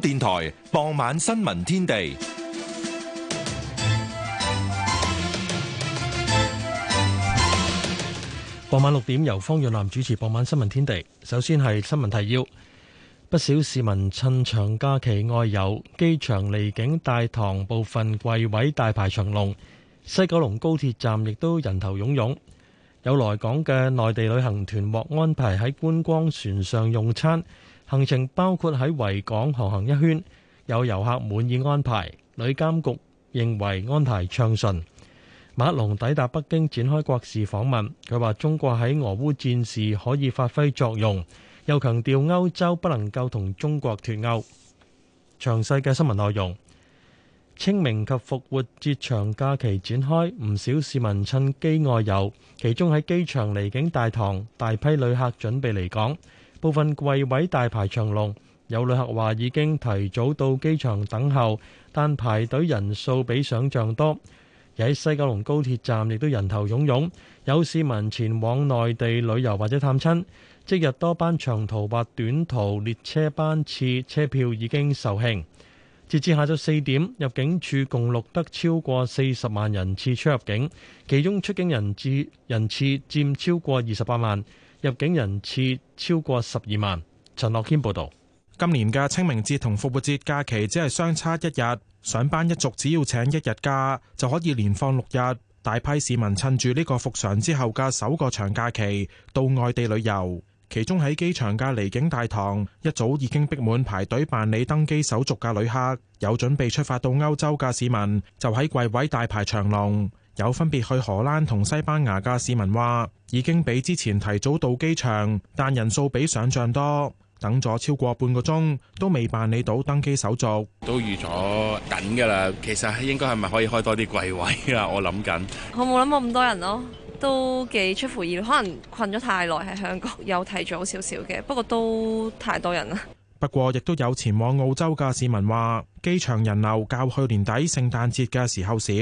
電臺傍，傍晚新聞天地。傍晚六點由方遠南主持傍晚新聞天地。首先係新聞提要。不少市民趁長假期外遊，機場離境大堂部分櫃位大排長龍，西九龍高鐵站亦都人頭涌涌。有來港嘅內地旅行團獲安排喺觀光船上用餐。行程包括喺維港航行一圈，有遊客滿意安排。旅監局認為安排暢順。馬龍抵達北京展開國事訪問，佢話中國喺俄烏戰事可以發揮作用，又強調歐洲不能夠同中國脫歐。詳細嘅新聞內容，清明及復活節長假期展開，唔少市民趁機外遊，其中喺機場離境大堂，大批旅客準備離港。部分櫃位大排長龍，有旅客話已經提早到機場等候，但排隊人數比想像多。而喺西九龍高鐵站亦都人頭湧湧，有市民前往內地旅遊或者探親。即日多班長途或短途列車班次車票已經售罄。截至下晝四點，入境處共錄得超過四十萬人次出入境，其中出境人次人次佔超過二十八萬。入境人次超過十二萬。陳樂軒報導，今年嘅清明節同復活節假期只係相差一日，上班一族只要請一日假就可以連放六日。大批市民趁住呢個復常之後嘅首個長假期到外地旅遊，其中喺機場嘅離境大堂一早已經逼滿排隊辦理登機手續嘅旅客，有準備出發到歐洲嘅市民就喺櫃位大排長龍。有分別去荷蘭同西班牙嘅市民話，已經比之前提早到機場，但人數比想像多，等咗超過半個鐘都未辦理到登機手續，都預咗等㗎啦。其實應該係咪可以開多啲櫃位啊？我諗緊，我冇諗過咁多人咯，都幾出乎意料，可能困咗太耐喺香港，有提早少少嘅，不過都太多人啦。不過，亦都有前往澳洲嘅市民話。機場人流較去年底聖誕節嘅時候少。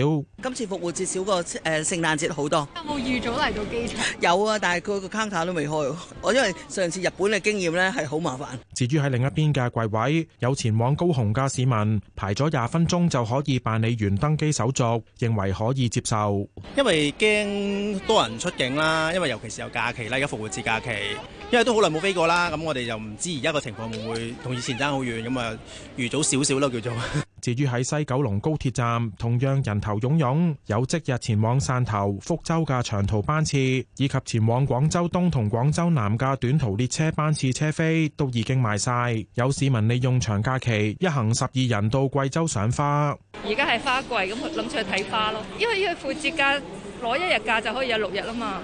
今次復活節少過誒聖誕節好多。有冇預早嚟到機場有啊，但係佢個 counter 都未開。我因為上次日本嘅經驗呢係好麻煩。至於喺另一邊嘅櫃位，有前往高雄嘅市民排咗廿分鐘就可以辦理完登機手續，認為可以接受。因為驚多人出境啦，因為尤其是有假期啦，而家復活節假期，因為都好耐冇飛過啦，咁我哋就唔知而家個情況會唔會同以前爭好遠，咁啊預早少少啦叫做。至於喺西九龍高鐵站，同樣人頭湧湧，有即日前往汕頭、福州嘅長途班次，以及前往廣州東同廣州南嘅短途列車班次車飛都已經賣晒。有市民利用長假期一行十二人到貴州賞花。而家係花季，咁諗住去睇花咯。因為呢個放節假攞一日假就可以有六日啊嘛，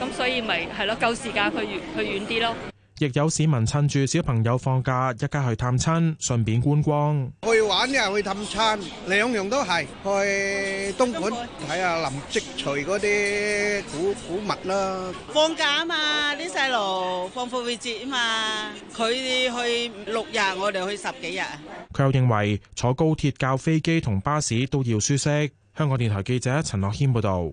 咁所以咪係咯，夠時間去遠去遠啲咯。亦有市民趁住小朋友放假，一家去探親，順便觀光。去玩又去探親，兩樣都係。去東莞睇下本林則徐嗰啲古古物啦、啊。放假啊嘛，啲細路放復活節啊嘛。佢哋去六日，我哋去十幾日。佢又認為坐高鐵較飛機同巴士都要舒適。香港電台記者陳樂謙報道。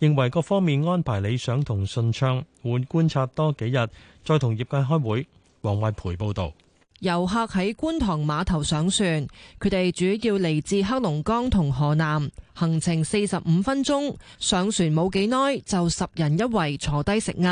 認為各方面安排理想同順暢，換觀察多幾日，再同業界開會。王惠培報導。遊客喺觀塘碼頭上船，佢哋主要嚟自黑龍江同河南，行程四十五分鐘。上船冇幾耐，就十人一圍坐低食晏。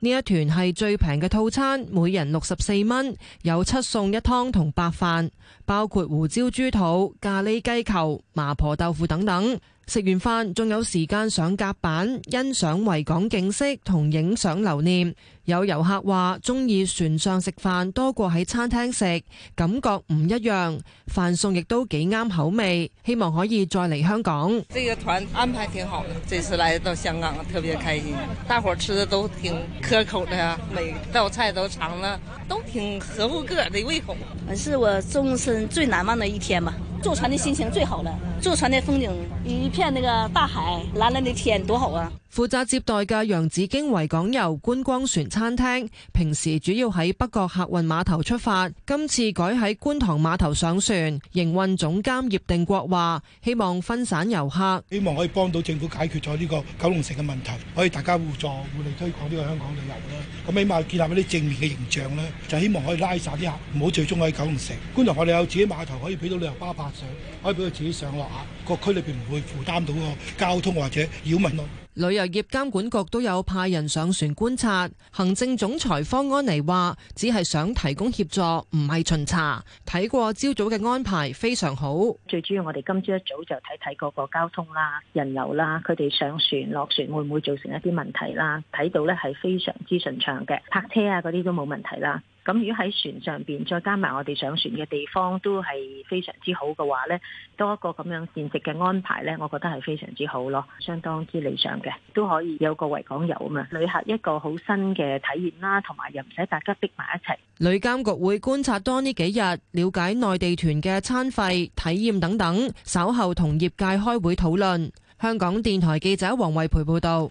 呢一團係最平嘅套餐，每人六十四蚊，有七餸一湯同白飯，包括胡椒豬肚、咖喱雞球、麻婆豆腐等等。食完飯仲有時間上甲板欣賞維港景色同影相留念。有遊客話：中意船上食飯多過喺餐廳食，感覺唔一樣。飯餸亦都幾啱口味，希望可以再嚟香港。呢個團安排挺好的，這次來到香港特別開心，大伙吃的都挺可口的，每道菜都嘗了都挺合乎個人的胃口。我是我終身最難忘的一天吧。坐船的心情最好了，坐船的風景，一片那個大海，藍藍的天，多好啊！負責接待嘅洋紫荊維港遊觀光船餐廳，平時主要喺北角客運碼頭出發，今次改喺觀塘碼頭上船。營運總監葉定國話：希望分散遊客，希望可以幫到政府解決咗呢個九龍城嘅問題，可以大家互助，互利推廣呢個香港旅遊啦。咁起碼建立一啲正面嘅形象咧，就希望可以拉曬啲客，唔好最終喺九龍城觀塘，我哋有自己碼頭可以俾到旅遊巴泊上，可以俾佢自己上落客，個區裏邊唔會負擔到個交通或者擾民咯。旅遊業監管局都有派人上船觀察，行政總裁方安妮話，只係想提供協助，唔係巡查。睇過朝早嘅安排，非常好。最主要我哋今朝一早就睇睇嗰個交通啦、人流啦，佢哋上船落船會唔會造成一啲問題啦？睇到呢係非常之順暢嘅，泊車啊嗰啲都冇問題啦。咁如果喺船上邊再加埋我哋上船嘅地方都係非常之好嘅話呢，多一個咁樣膳食嘅安排呢，我覺得係非常之好咯，相當之理想嘅，都可以有一個維港遊啊嘛，旅客一個好新嘅體驗啦，同埋又唔使大家逼埋一齊。旅監局會觀察多呢幾日，了解內地團嘅餐費、體驗等等，稍後同業界開會討論。香港電台記者黃慧培報道。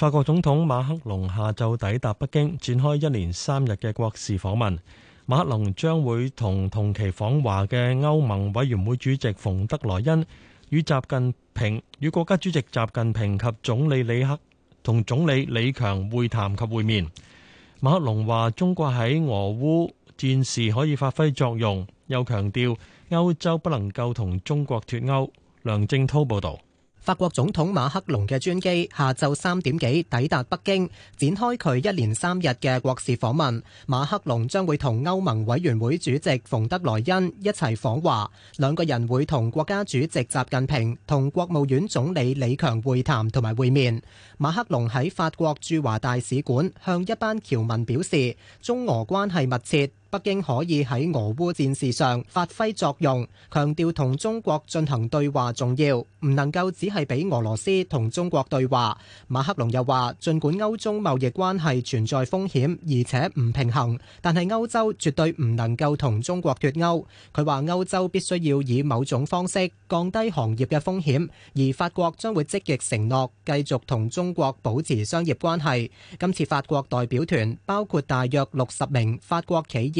法國總統馬克龍下晝抵達北京，展開一連三日嘅國事訪問。馬克龍將會同同期訪華嘅歐盟委員會主席馮德萊恩與習近平與國家主席習近平及總理李克同總理李強會談及會面。馬克龍話：中國喺俄烏戰事可以發揮作用，又強調歐洲不能夠同中國脫歐。梁正濤報道。法國總統馬克龍嘅專機下晝三點幾抵達北京，展開佢一連三日嘅國事訪問。馬克龍將會同歐盟委員會主席馮德萊恩一齊訪華，兩個人會同國家主席習近平同國務院總理李強會談同埋會面。馬克龍喺法國駐華大使館向一班僑民表示，中俄關係密切，北京可以喺俄烏戰事上發揮作用，強調同中國進行對話重要，唔能夠只係俾俄羅斯同中國對話。馬克龍又話，儘管歐中貿易關係存在風險，而且唔平衡，但係歐洲絕對唔能夠同中國脱歐。佢話，歐洲必須要以某種方式降低行業嘅風險，而法國將會積極承諾繼續同中國保持商業關係。今次法國代表團包括大約六十名法國企業。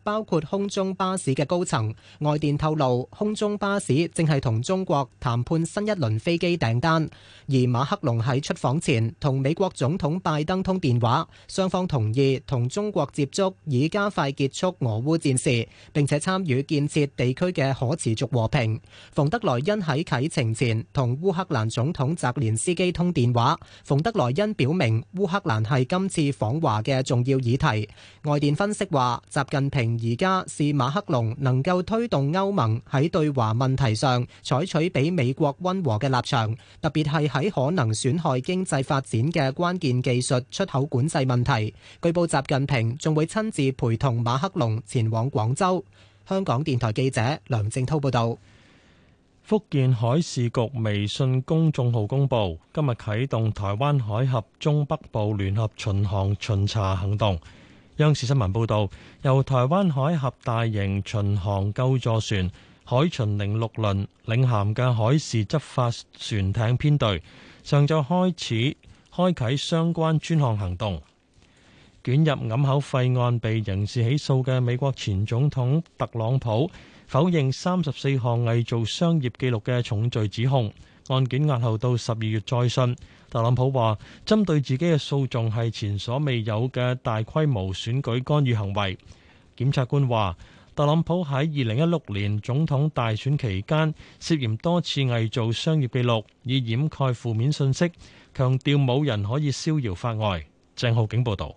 包括空中巴士嘅高層，外電透露空中巴士正係同中國談判新一輪飛機訂單。而馬克龍喺出訪前同美國總統拜登通電話，雙方同意同中國接觸，以加快結束俄烏戰事，並且參與建設地區嘅可持續和平。馮德萊恩喺啟程前同烏克蘭總統澤連斯基通電話，馮德萊恩表明烏克蘭係今次訪華嘅重要議題。外電分析話，習近平而家是馬克龍能夠推動歐盟喺對華問題上採取比美國温和嘅立場，特別係喺可能損害經濟發展嘅關鍵技術出口管制問題。據報習近平仲會親自陪同馬克龍前往廣州。香港電台記者梁正滔報導。福建海事局微信公眾號公佈，今日啟動台灣海峽中北部聯合巡航巡查行動。央視新聞報道，由台灣海峽大型巡航救助船“海巡零六”輪領銜嘅海事執法船艇編隊，上晝開始開啟相關專項行動。捲入掩口費案被刑事起訴嘅美國前總統特朗普，否認三十四項偽造商業記錄嘅重罪指控。案件押後到十二月再訊。特朗普話：針對自己嘅訴訟係前所未有嘅大規模選舉干預行為。檢察官話：特朗普喺二零一六年總統大選期間涉嫌多次偽造商業記錄，以掩蓋負面信息。強調冇人可以逍遙法外。鄭浩景報導。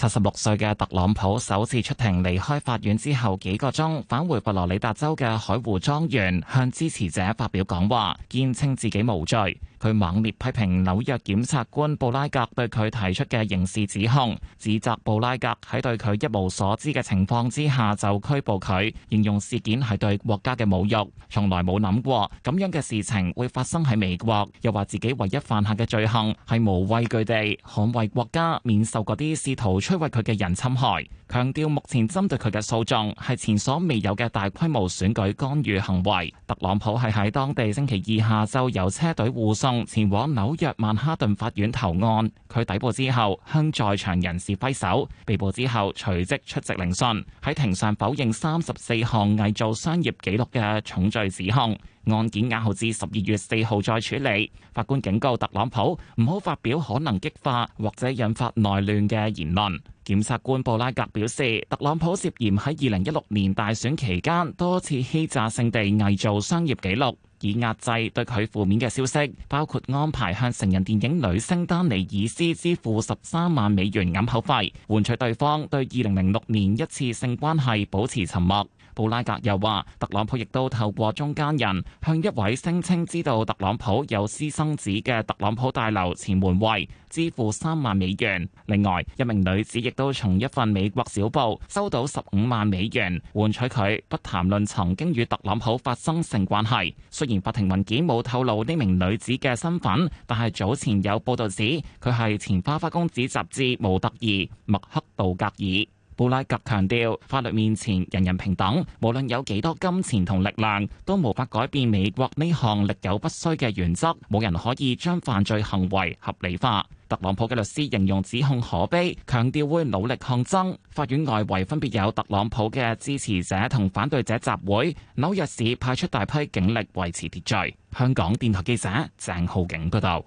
七十六歲嘅特朗普首次出庭，離開法院之後幾個鐘，返回佛羅里達州嘅海湖莊園，向支持者發表講話，堅稱自己無罪。佢猛烈批評紐約檢察官布拉格對佢提出嘅刑事指控，指責布拉格喺對佢一無所知嘅情況之下就拘捕佢，形容事件係對國家嘅侮辱，從來冇諗過咁樣嘅事情會發生喺美國。又話自己唯一犯下嘅罪行係無畏懼地捍衛國家，免受嗰啲試圖摧毀佢嘅人侵害。強調目前針對佢嘅訴訟係前所未有嘅大規模選舉干預行為。特朗普係喺當地星期二下晝有車隊護送。前往紐約曼哈頓法院投案，佢抵步之後向在場人士揮手，被捕之後隨即出席聆訊，喺庭上否認三十四項偽造商業記錄嘅重罪指控，案件押後至十二月四號再處理。法官警告特朗普唔好發表可能激化或者引發內亂嘅言論。檢察官布拉格表示，特朗普涉嫌喺二零一六年大選期間多次欺詐性地偽造商業紀錄，以壓制對佢負面嘅消息，包括安排向成人電影女星丹尼爾斯支付十三萬美元掩口費，換取對方對二零零六年一次性關係保持沉默。布拉格又話，特朗普亦都透過中間人向一位聲稱知道特朗普有私生子嘅特朗普大樓前門衛支付三萬美元。另外，一名女子亦都從一份美國小報收到十五萬美元，換取佢不談論曾經與特朗普發生性關係。雖然法庭文件冇透露呢名女子嘅身份，但係早前有報導指佢係前花花公子雜誌模特兒麥克道格爾。布拉格強調，法律面前人人平等，無論有幾多金錢同力量，都無法改變美國呢項歷久不衰嘅原則。冇人可以將犯罪行為合理化。特朗普嘅律師形容指控可悲，強調會努力抗爭。法院外圍分別有特朗普嘅支持者同反對者集會。紐約市派出大批警力維持秩序。香港電台記者鄭浩景報導。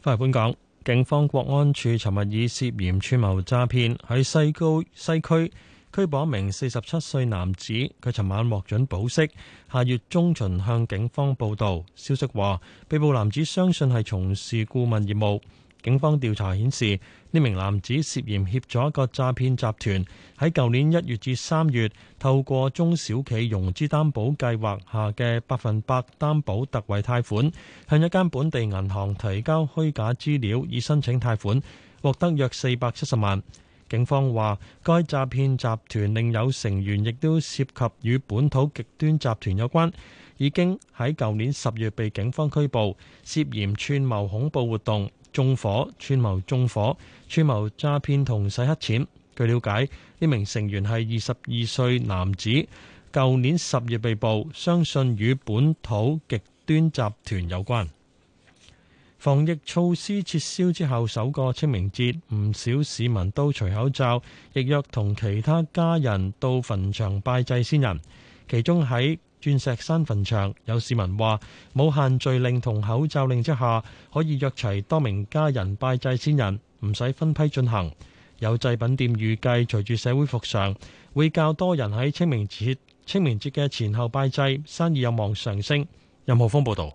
翻嚟本港。警方國安處尋日以涉嫌串謀詐騙喺西高西區拘捕一名四十七歲男子，佢尋晚獲准保釋，下月中旬向警方報到。消息話，被捕男子相信係從事顧問業務。警方調查顯示，呢名男子涉嫌協助一個詐騙集團喺舊年一月至三月，透過中小企融資擔保計劃下嘅百分百擔保特惠貸款，向一間本地銀行提交虛假資料以申請貸款，獲得約四百七十萬。警方話，該詐騙集團另有成員亦都涉及與本土極端集團有關，已經喺舊年十月被警方拘捕，涉嫌串謀恐怖活動。縱火、串謀縱火、串謀詐騙同洗黑錢。據了解，呢名成員係二十二歲男子，舊年十月被捕，相信與本土極端集團有關。防疫措施撤銷之後，首個清明節，唔少市民都除口罩，亦約同其他家人到墳場拜祭先人，其中喺鑽石山墳場有市民話，冇限聚令同口罩令之下，可以約齊多名家人拜祭先人，唔使分批進行。有祭品店預計，隨住社會復常，會較多人喺清明節清明節嘅前後拜祭，生意有望上升。任浩峰報道。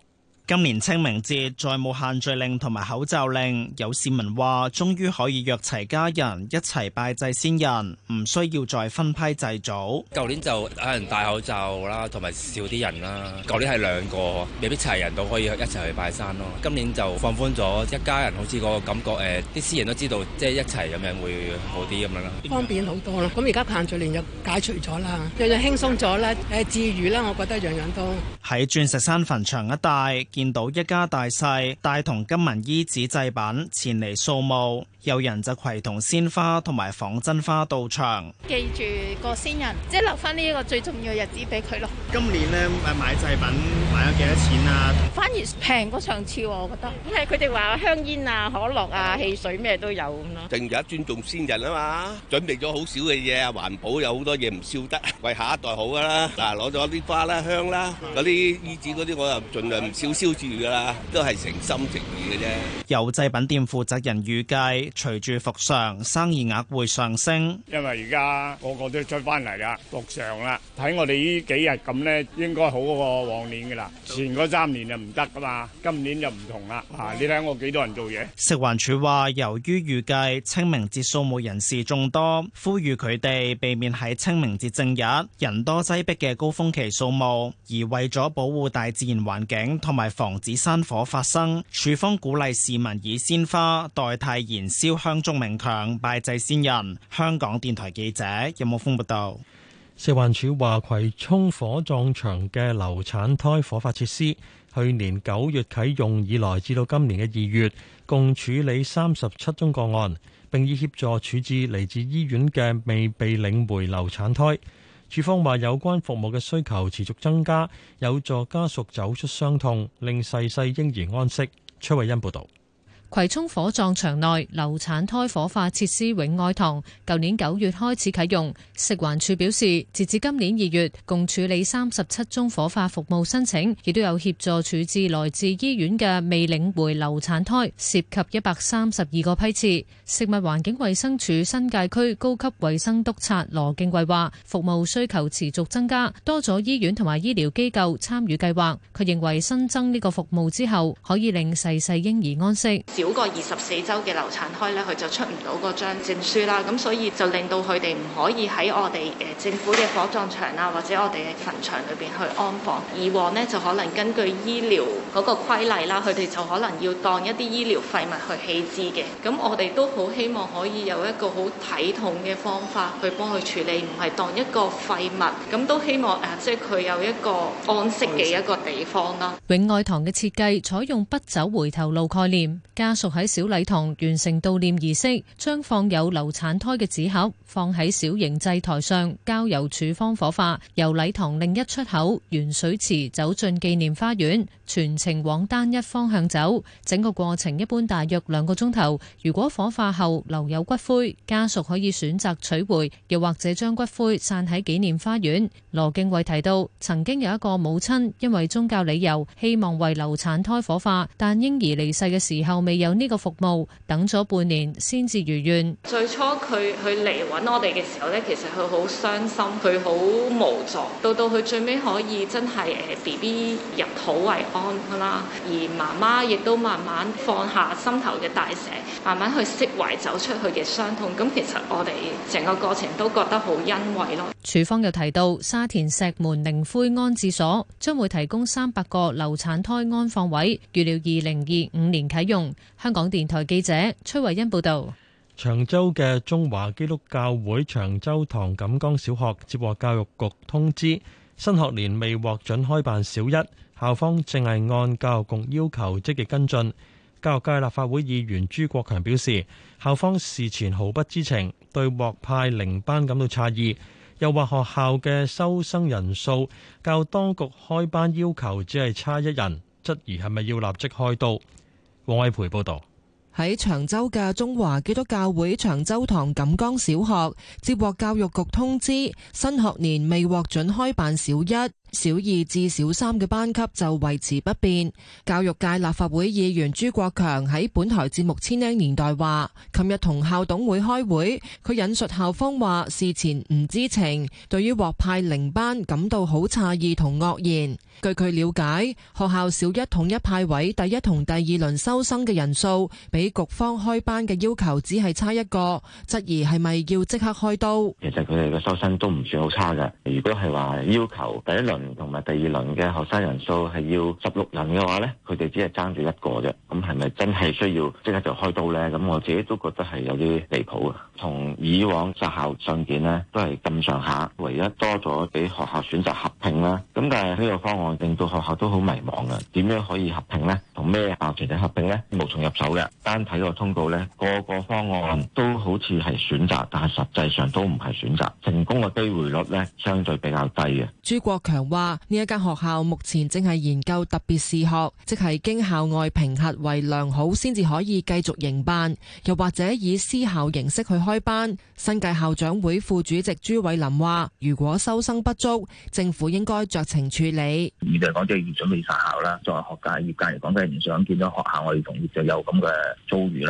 今年清明節再冇限聚令同埋口罩令，有市民話終於可以約齊家人一齊拜祭先人，唔需要再分批祭祖。舊年就有人戴口罩啦，同埋少啲人啦。舊年係兩個，未必齊人都可以一齊去拜山咯。今年就放寬咗，一家人好似個感覺，誒、呃，啲私人都知道，即係一齊咁樣會好啲咁樣啦。方便好多啦。咁而家限聚令又解除咗啦，樣樣輕鬆咗啦。誒，至於啦，我覺得樣樣都喺鑽石山墳場一帶。見到一家大細帶同金文衣紙祭品前嚟掃墓，有人就攜同鮮花同埋仿真花到場。記住個先人，即係留翻呢一個最重要嘅日子俾佢咯。今年咧買祭品買咗幾多錢啊？反而平過上次喎，我覺得。係佢哋話香煙啊、可樂啊、汽水咩都有咁咯。淨而家尊重先人啊嘛，準備咗好少嘅嘢啊，環保有好多嘢唔燒得，為下一代好噶啦。嗱，攞咗啲花啦、香啦，嗰啲衣紙嗰啲，我又盡量唔燒。燒住噶啦，都係誠心誠意嘅啫。有製品店負責人預計，隨住復常，生意額會上升。因為而家個個都出翻嚟啦，復常啦，睇我哋呢幾日咁呢，應該好過往年噶啦。前嗰三年就唔得噶嘛，今年就唔同啦。嗯、啊，你睇我幾多人做嘢？食環署話，由於預計清明節掃墓人士眾多，呼籲佢哋避免喺清明節正日人多擠逼嘅高峰期掃墓，而為咗保護大自然環境同埋。防止山火發生，處方鼓勵市民以鮮花代替燃燒香燭、冥鏹拜祭先人。香港電台記者任木峰報道。食環署話，葵涌火葬場嘅流產胎火化設施，去年九月啟用以來，至到今年嘅二月，共處理三十七宗個案，並以協助處置嚟自醫院嘅未被領回流產胎。處方話有關服務嘅需求持續增加，有助家屬走出傷痛，令逝世嬰兒安息。崔慧欣報導。葵涌火葬場內流產胎火化設施永愛堂，舊年九月開始啟用。食環署表示，截至今年二月，共處理三十七宗火化服務申請，亦都有協助處置來自醫院嘅未領回流產胎，涉及一百三十二個批次。食物環境衛生署新界區高級衛生督察羅敬貴話，服務需求持續增加，多咗醫院同埋醫療機構參與計劃。佢認為新增呢個服務之後，可以令逝世嬰兒安息。少過二十四週嘅流產胎咧，佢就出唔到嗰張證書啦。咁所以就令到佢哋唔可以喺我哋誒政府嘅火葬場啊，或者我哋嘅墳場裏邊去安放。以往呢，就可能根據醫療嗰個規例啦，佢哋就可能要當一啲醫療廢物去棄置嘅。咁我哋都好希望可以有一個好體統嘅方法去幫佢處理，唔係當一個廢物。咁都希望誒，即係佢有一個安息嘅一個地方啦。永愛堂嘅設計採用不走回頭路概念。家屬喺小禮堂完成悼念儀式，將放有流產胎嘅紙盒放喺小型祭台上，交由處方火化。由禮堂另一出口沿水池走進紀念花園，全程往單一方向走。整個過程一般大約兩個鐘頭。如果火化後留有骨灰，家屬可以選擇取回，又或者將骨灰散喺紀念花園。羅敬偉提到，曾經有一個母親因為宗教理由，希望為流產胎火化，但嬰兒離世嘅時候未有呢個服務，等咗半年先至如願。最初佢佢嚟揾我哋嘅時候咧，其實佢好傷心，佢好無助。到到佢最尾可以真係誒，B B 入土為安啦，而媽媽亦都慢慢放下心頭嘅大石，慢慢去釋懷，走出去嘅傷痛。咁其實我哋成個過程都覺得好欣慰咯。署方又提到，沙田石門靈灰安置所將會提供三百個流產胎安放位，預料二零二五年啟用。香港電台記者崔慧欣報道：長洲嘅中華基督教會長洲堂錦江小學接獲教育局通知，新學年未獲准開辦小一，校方淨係按教育局要求積極跟進。教育界立法會議員朱國強表示，校方事前毫不知情，對獲派零班感到詫異，又話學校嘅收生人數較當局開班要求只係差一人，質疑係咪要立即開刀。郭培報道：喺長洲嘅中華基督教會長洲堂錦江小學，接獲教育局通知，新學年未獲准開辦小一。小二至小三嘅班級就維持不變。教育界立法會議員朱國強喺本台節目《千禧年代》話，琴日同校董會開會，佢引述校方話事前唔知情，對於獲派零班感到好詫異同愕然。據佢了解，學校小一統一派位第一同第二輪收生嘅人數，比局方開班嘅要求只係差一個，質疑係咪要即刻開刀？其實佢哋嘅收生都唔算好差噶，如果係話要求第一輪。同埋第二輪嘅學生人數係要十六人嘅話呢，佢哋只係爭住一個啫。咁係咪真係需要即刻就開刀呢？咁我自己都覺得係有啲離譜啊。同以往擇校事件呢，都係咁上下，唯一多咗俾學校選擇合併啦。咁但係呢個方案令到學校都好迷茫啊。點樣可以合併呢？同咩校集體合併呢？無從入手嘅。單睇個通告呢，個個方案都好似係選擇，但係實際上都唔係選擇。成功嘅機會率呢，相對比較低嘅。朱國強。話呢一間學校目前正係研究特別試學，即係經校外評核為良好，先至可以繼續營辦，又或者以私校形式去開班。新界校長會副主席朱偉林話，如果收生不足，政府應該酌情處理。而要作界界嚟梗唔想校，我哋同就有嘅遭遇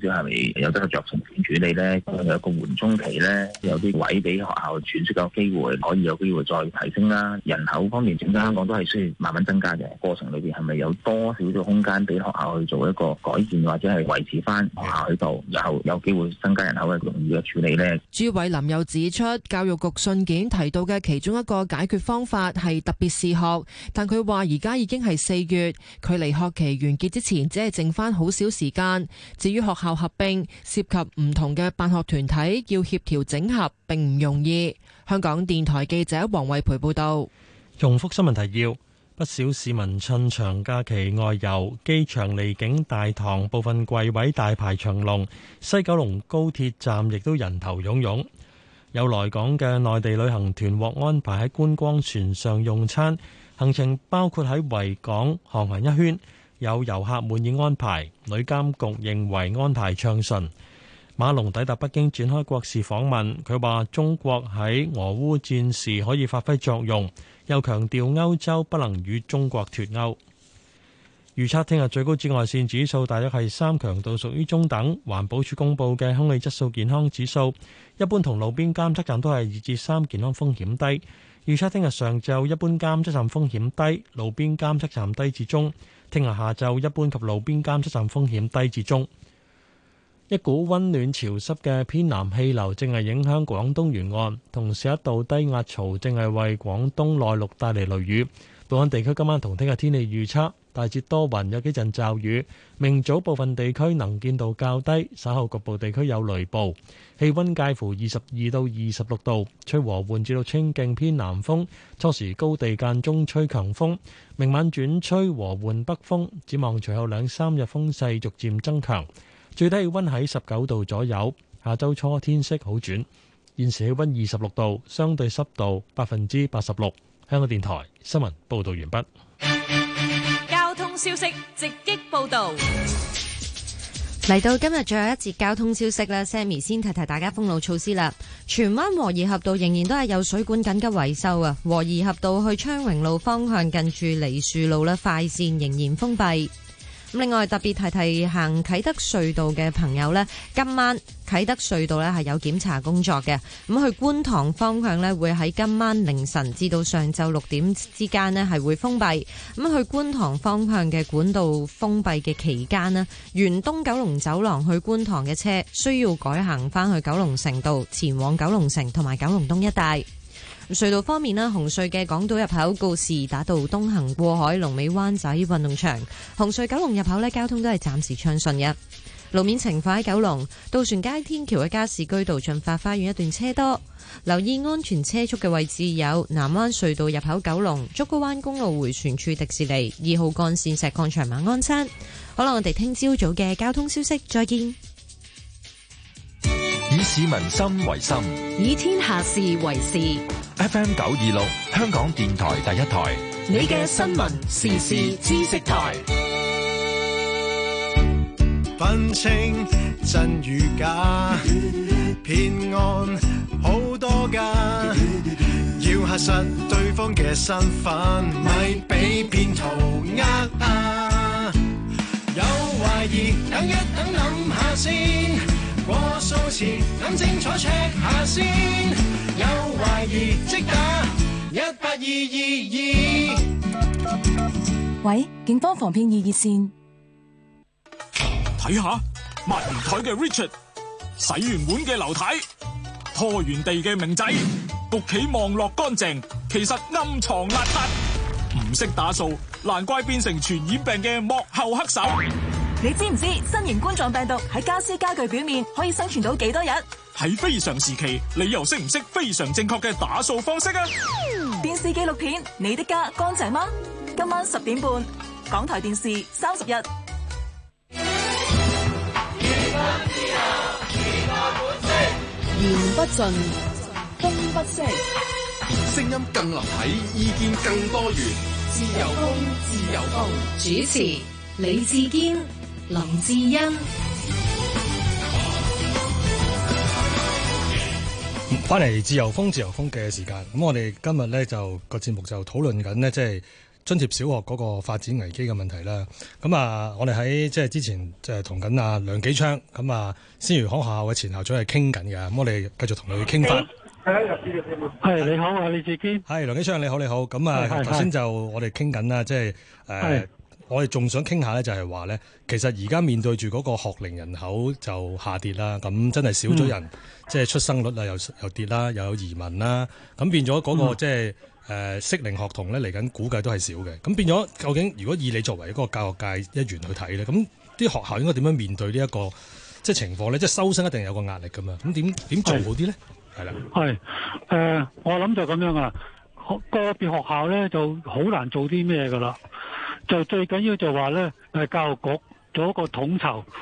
少少咪有得酌情理有個期有啲位學校嘅可以有會再提升啦。人口方面，整加香港都係需要慢慢增加嘅。過程裏邊，係咪有多少少空間俾學校去做一個改建，或者係維持翻學校喺度，然後有機會增加人口嘅容易嘅處理咧？朱偉林又指出，教育局信件提到嘅其中一個解決方法係特別試學，但佢話而家已經係四月，距離學期完結之前，只係剩翻好少時間，至於學校合併涉及唔同嘅辦學團體，要協調整合併唔容易。香港電台記者王慧培報道。重複新聞提要，不少市民趁長假期外遊，機場離境大堂部分櫃位大排長龍，西九龍高鐵站亦都人頭涌涌。有來港嘅內地旅行團獲安排喺觀光船上用餐，行程包括喺維港航行一圈，有遊客滿意安排，旅監局認為安排暢順。馬龍抵達北京展開國事訪問，佢話中國喺俄烏戰時可以發揮作用，又強調歐洲不能與中國脫鉤。預測聽日最高紫外線指數大約係三強度，屬於中等。環保署公布嘅空氣質素健康指數，一般同路邊監測站都係二至三，健康風險低。預測聽日上晝一般監測站風險低，路邊監測站低至中。聽日下晝一般及路邊監測站風險低至中。一股溫暖潮濕嘅偏南氣流正係影響廣東沿岸，同時一道低壓槽正係為廣東內陸帶嚟雷雨。本港地區今晚同聽日天氣預測：大致多雲，有幾陣驟雨。明早部分地區能見度較低，稍後局部地區有雷暴。氣溫介乎二十二到二十六度，吹和緩至到清勁偏南風。初時高地間中吹強風，明晚轉吹和緩北風。展望隨後兩三日風勢逐漸增強。最低氣溫喺十九度左右，下周初天色好轉。現時氣溫二十六度，相對濕度百分之八十六。香港電台新聞報道完畢。交通消息直擊報道，嚟到今日最後一節交通消息啦。Sammy 先提提大家封路措施啦。荃灣和宜合道仍然都係有水管緊急維修啊。和宜合道去昌榮路方向近住梨樹路呢，快線仍然封閉。咁，另外特別提提行啟德隧道嘅朋友呢，今晚啟德隧道呢係有檢查工作嘅。咁去觀塘方向呢會喺今晚凌晨至到上晝六點之間呢係會封閉。咁去觀塘方向嘅管道封閉嘅期間呢，沿東九龍走廊去觀塘嘅車需要改行翻去九龍城道，前往九龍城同埋九龍東一帶。隧道方面呢，紅隧嘅港島入口告士打道東行過海龍尾灣仔運動場，紅隧九龍入口呢，交通都係暫時暢順嘅。路面情況喺九龍渡船街天橋嘅加士居道駿發花園一段車多，留意安全車速嘅位置有南灣隧道入口、九龍竹篙灣公路迴旋處、迪士尼二號幹線、石礦場、馬鞍山。好啦，我哋聽朝早嘅交通消息，再見。以市民心為心，以天下事為事。FM 九二六，香港電台第一台，你嘅新聞時事知識台， 分清真與假，騙案好多㗎， 要核實對方嘅身份，咪俾騙徒呃啊！ 有懷疑，等一等想想，諗下先，過數前，諗清楚，check 下先。有懷疑即打一八二二二。喂，警方防騙二熱線。睇下，抹完台嘅 Richard，洗完碗嘅劉太，拖完地嘅明仔，屋企望落乾淨，其實暗藏邋遢，唔識打掃，難怪變成傳染病嘅幕後黑手。你知唔知新型冠狀病毒喺家私家具表面可以生存到幾多日？喺非常時期，你又識唔識非常正確嘅打掃方式啊？電視紀錄片《你的家乾淨嗎》今晚十點半，港台電視三十日。自自本言不盡，風不息，聲音更立體，意見更多元。自由風，自由風，主持李志堅。林志恩，翻嚟自由風自由風嘅時間，咁我哋今日咧，就個節目就討論緊呢，即係津貼小學嗰個發展危機嘅問題啦。咁啊，我哋喺即係之前即係同緊啊梁紀昌，咁啊鮮魚行學校嘅前校長係傾緊嘅，咁我哋繼續同佢傾翻。係你好，李志堅。係梁紀昌，你好，你好。咁啊，頭先就我哋傾緊啦，即係誒。我哋仲想傾下咧，就係話咧，其實而家面對住嗰個學齡人口就下跌啦，咁真係少咗人，嗯、即係出生率啊，又又跌啦，又有移民啦，咁變咗嗰個即係誒適齡學童咧嚟緊，估計都係少嘅。咁變咗，究竟如果以你作為一個教學界一員去睇咧，咁啲學校應該點樣面對呢、這、一個即係情況咧？即係收生一定有一個壓力噶嘛。咁點點做好啲咧？係啦是，係誒的、呃，我諗就咁樣噶啦，個別學校咧就好難做啲咩噶啦。就最緊要就話咧，誒教育局做一個統籌。